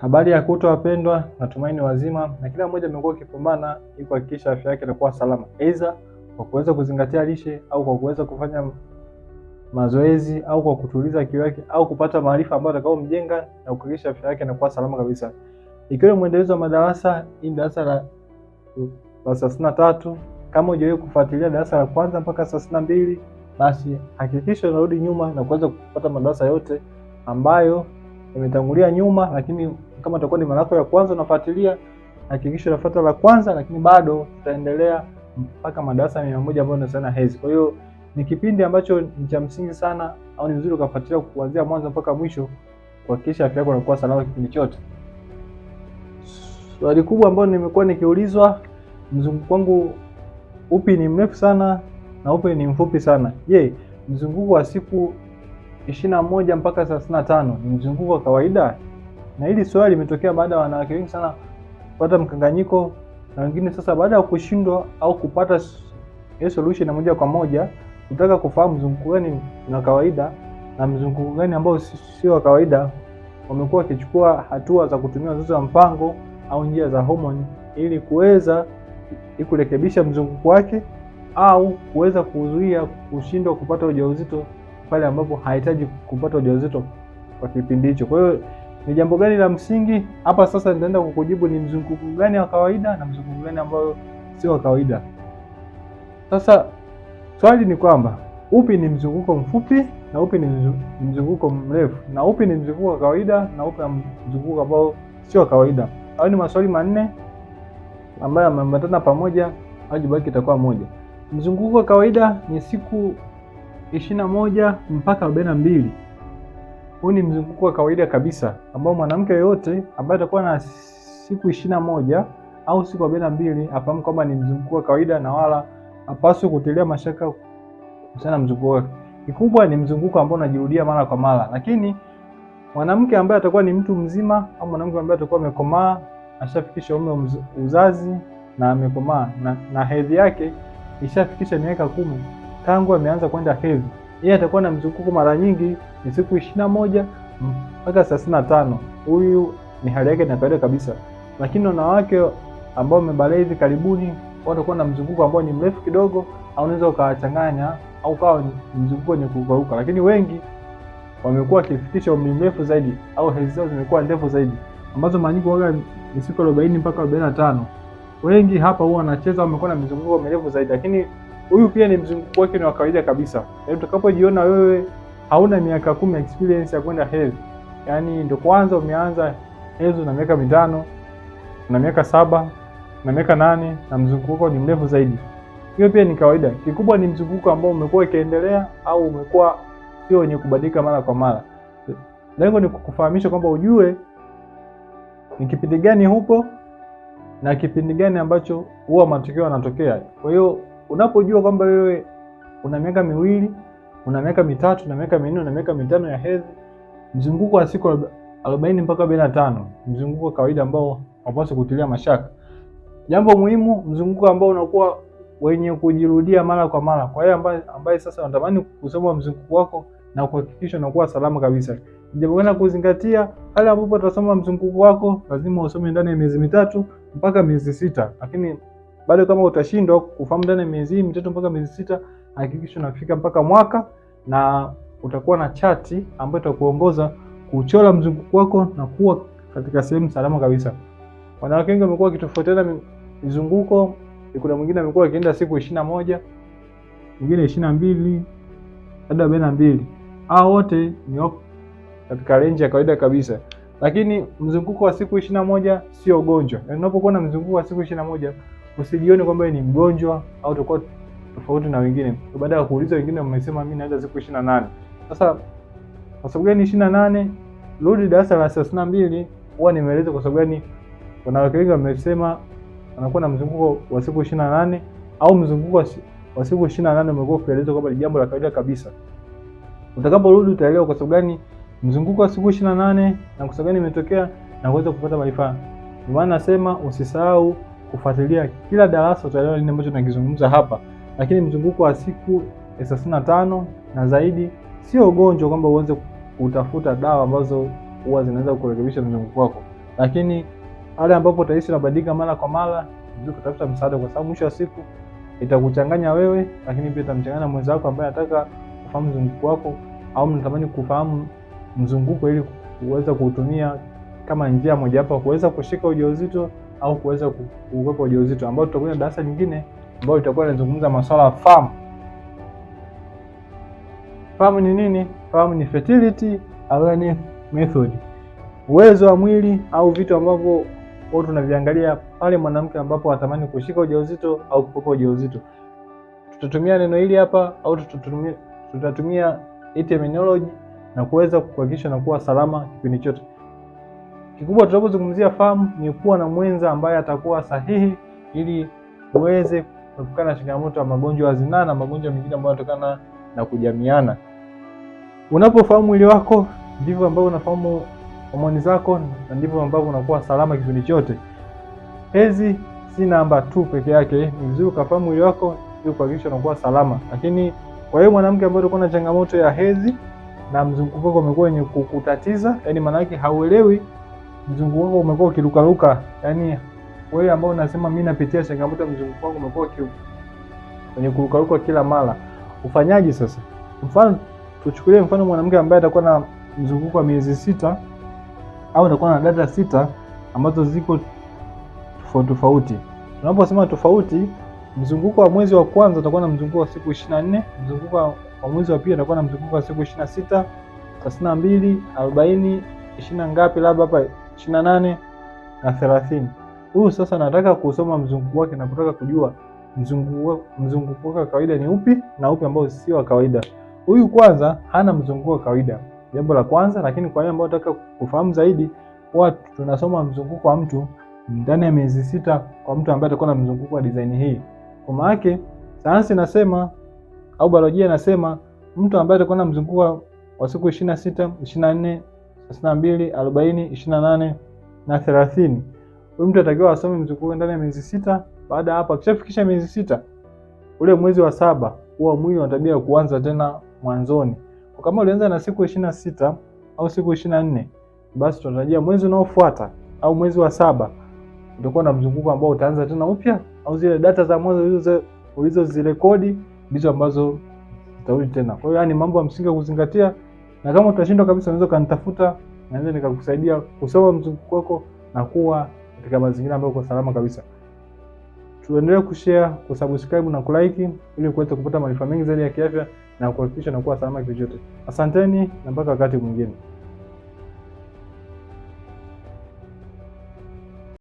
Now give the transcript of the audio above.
Habari ya kuto wapendwa, natumaini wazima na kila mmoja amekuwa akipambana ili kuhakikisha afya yake inakuwa salama, aidha kwa kuweza kuzingatia lishe au kwa kuweza kufanya mazoezi au kwa kutuliza akili yake au kupata maarifa ambayo atakao mjenga na kuhakikisha afya yake inakuwa salama kabisa. Ikiwa mwendelezo wa madarasa hii, darasa la thelathini na tatu. Kama hujawahi kufuatilia darasa la kwanza mpaka thelathini na mbili, basi hakikisha unarudi nyuma na kuweza kupata madarasa yote ambayo imetangulia nyuma, lakini kama itakuwa ni mara yako ya kwanza unafuatilia, hakikisha unafuata la kwanza, lakini bado tutaendelea mpaka madarasa mia moja ambayo tunasema hezi. Kwa hiyo ni kipindi ambacho ni cha msingi sana, au ni vizuri ukafuatilia kuanzia mwanzo mpaka mwisho kuhakikisha afya yako inakuwa salama kipindi chote. Swali kubwa ambalo nimekuwa nikiulizwa, mzunguko wangu upi ni mrefu sana na upi ni mfupi sana? Je, mzunguko wa siku ishirini na moja mpaka thelathini na tano ni mzunguko wa kawaida? Na hili swali limetokea baada ya wanawake wengi sana kupata mkanganyiko, na wengine sasa, baada ya kushindwa au kupata solution na moja kwa moja, kutaka kufahamu mzunguko gani na kawaida na mzunguko gani ambao sio wa kawaida, wamekuwa wakichukua hatua za kutumia uzazi wa mpango au njia za homoni ili kuweza kurekebisha mzunguko wake au kuweza kuzuia kushindwa kupata ujauzito pale ambapo hahitaji kupata ujauzito kwa kipindi hicho. Kwa hiyo ni jambo gani la msingi hapa? Sasa nitaenda kukujibu ni mzunguko gani wa kawaida na mzunguko gani ambao sio wa kawaida. Sasa swali ni kwamba upi ni mzunguko mfupi na upi ni mzunguko mrefu, na upi ni mzunguko wa kawaida na upi ni mzunguko ambao sio wa kawaida. Hayo ni maswali manne ambayo yameambatana pamoja, jibu lake itakuwa moja. Mzunguko wa kawaida ni siku ishirini na moja mpaka arobaini na mbili huu ni mzunguko wa kawaida kabisa ambao mwanamke yoyote ambaye atakuwa na siku ishirini na moja au siku arobaini na mbili afahamu kwamba ni mzunguko wa kawaida na wala hapaswi kutilia mashaka kuhusiana na mzunguko wake. Kikubwa ni mzunguko ambao unajirudia mara kwa mara, lakini mwanamke ambaye atakuwa ni mtu mzima au mwanamke ambaye atakuwa amekomaa, ashafikisha umri wa uzazi na amekomaa na, na hedhi yake ishafikisha miaka kumi tangu ameanza kwenda hedhi yeye atakuwa na mzunguko mara nyingi ni siku ishirini na moja mpaka thelathini na tano. Huyu ni hali yake na kabisa, lakini wanawake ambao wamebalea hivi karibuni watakuwa na mzunguko ambao ni mrefu kidogo, au unaweza ukawachanganya au kawa mzunguko wenye kukauka, lakini wengi wamekuwa wakifikisha umri mrefu zaidi au hedhi zao zimekuwa ndefu zaidi, ambazo mara nyingi huwa ni siku arobaini mpaka arobaini na tano. Wengi hapa huwa wanacheza wamekuwa na mizunguko mirefu zaidi, lakini huyu pia ni mzunguko wake ni wa kawaida kabisa. Yaani utakapojiona wewe hauna miaka kumi experience ya kwenda hedhi, yaani ndio kwanza umeanza hedhi na miaka mitano na miaka saba na miaka nane na mzunguko ni mrefu zaidi, hiyo pia ni kawaida. Kikubwa ni mzunguko ambao umekuwa ukiendelea au umekuwa sio wenye kubadilika mara kwa mara. Lengo ni kukufahamisha kwamba ujue ni kipindi gani hupo na kipindi gani ambacho huwa matokeo yanatokea. Kwa hiyo Unapojua kwamba wewe una miaka miwili, una miaka mitatu, una miaka minne, una miaka mitano ya hedhi, mzunguko wa siku 40 mpaka 45, mzunguko wa kawaida ambao hapaswi kutilia mashaka. Jambo muhimu, mzunguko ambao unakuwa wenye kujirudia mara kwa mara. Kwa hiyo ambaye, ambaye sasa anatamani kusoma mzunguko wako na kuhakikisha unakuwa salama kabisa, jambo gani kuzingatia, pale ambapo utasoma mzunguko wako lazima usome ndani ya miezi mitatu mpaka miezi sita, lakini bado kama utashindwa kufahamu ndani ya miezi mitatu mpaka miezi sita, hakikisha unafika mpaka mwaka, na utakuwa na chati ambayo itakuongoza kuchora mzunguko wako na kuwa katika sehemu salama kabisa. Wanawake wengi wamekuwa wakitofautiana mizunguko. Kuna mwingine amekuwa akienda siku ishirini na moja, mwingine ishirini na mbili hadi arobaini na mbili. Hao wote ni katika range ya kawaida kabisa, lakini mzunguko wa siku ishirini na moja sio ugonjwa. Yaani unapokuwa na mzunguko wa siku ishirini na moja usijione kwamba ni mgonjwa au utakuwa tofauti na wengine. Baada ya kuuliza wengine, wamesema mimi naweza siku ishirini na nane. Sasa kwa sababu gani ishirini na nane? Rudi darasa la thelathini na mbili huwa nimeeleza kwa sababu gani wanawake wengi wamesema wanakuwa na mzunguko wa siku ishirini na nane au mzunguko wa siku ishirini na nane umekuwa ukielezwa kwamba ni jambo la kawaida kabisa. Utakaporudi utaelewa kwa sababu gani mzunguko wa siku ishirini na nane na kwa sababu gani imetokea na kuweza kupata manufaa. Ndio maana nasema usisahau kufuatilia kila darasa, utaelewa nini ambacho tunakizungumza hapa. Lakini mzunguko wa siku thelathini na zaidi sio ugonjwa kwamba uanze kutafuta dawa ambazo huwa zinaweza kurekebisha mzunguko wako, lakini pale ambapo utahisi unabadilika mara kwa mara, ndio kutafuta msaada, kwa sababu mwisho wa siku itakuchanganya wewe, lakini pia itamchanganya mwenza wako ambaye anataka kufahamu mzunguko wako au mnatamani kufahamu mzunguko ili kuweza kuutumia kama njia mojawapo kuweza kushika ujauzito au kuweza kukwepa ujauzito, ambao tutakuja darasa nyingine ambayo itakuwa inazungumza masuala ya famu. Famu ni nini? Famu ni fertility awareness method, uwezo wa mwili au vitu ambavyo wao tunaviangalia pale mwanamke ambapo anatamani kushika ujauzito au kukwepa ujauzito. Tutatumia neno hili hapa au tutatumia tutatumia terminology na kuweza kuhakikisha na kuwa salama kipindi chote. Kikubwa tunapozungumzia fahamu ni kuwa na mwenza ambaye atakuwa sahihi ili uweze kuepukana na changamoto ya magonjwa ya zinaa na magonjwa mengine ambayo yanatokana na kujamiana. Unapofahamu mwili wako ndivyo ambavyo unafahamu homoni zako na ndivyo ambavyo unakuwa salama kipindi chote. Hezi si namba tu peke yake, ni vizuri ukafahamu mwili wako ili kuhakikisha unakuwa salama. Lakini kwa hiyo mwanamke ambaye alikuwa na changamoto ya hezi na mzunguko wako umekuwa wenye kukutatiza, yaani maana yake hauelewi mzunguko wako umekuwa ukirukaruka, yaani wewe ambao unasema mimi napitia changamoto, mzunguko wako umekuwa kwenye kurukaruka kila mara, ufanyaje sasa? Mfano tuchukulie mfano mwanamke ambaye atakuwa na mzunguko wa miezi sita au atakuwa na data sita ambazo ziko tofauti tofauti. Tunaposema tofauti, mzunguko wa mwezi wa kwanza utakuwa na mzunguko wa siku 24, mzunguko wa mwezi wa pili utakuwa na mzunguko wa siku 26, 32, 40, 20 ngapi labda hapa 28 na 30. Huu sasa nataka kusoma mzunguko wake na kutaka kujua mzunguko wake wa kawaida ni upi na upi ambao sio wa kawaida. Huyu kwanza hana mzunguko wa kawaida. Jambo la kwanza, lakini kwa wale ambao nataka kufahamu zaidi, huwa tunasoma mzunguko wa mtu ndani ya miezi sita kwa mtu ambaye atakuwa na mzunguko wa design hii. Kwa maana yake sayansi inasema au biolojia inasema mtu ambaye atakuwa na mzunguko wa siku 26, 24 na 30. Huyu mtu atakiwa asome mzunguko ndani ya miezi sita. Baada ya hapo akishafikisha miezi sita, ule mwezi wa saba huwa mwili una tabia ya kuanza tena mwanzoni. Kwa kama ulianza na siku 26 au siku 24, basi tunatarajia mwezi unaofuata au mwezi wa saba utakuwa na mzunguko ambao utaanza tena upya, au zile data za mwanzo ulizozirekodi ndizo ambazo zitarudi tena. Kwa hiyo, yani mambo ya msingi kuzingatia na kama utashindwa kabisa, unaweza ukanitafuta, naweza nikakusaidia kusoma mzunguko wako na kuwa katika mazingira ambayo uko salama kabisa. Tuendelee kushare, kusubscribe na kulike ili kuweza kupata maarifa mengi zaidi ya kiafya na kuhakikisha kuwa salama kivyovyote. Asanteni na mpaka wakati mwingine.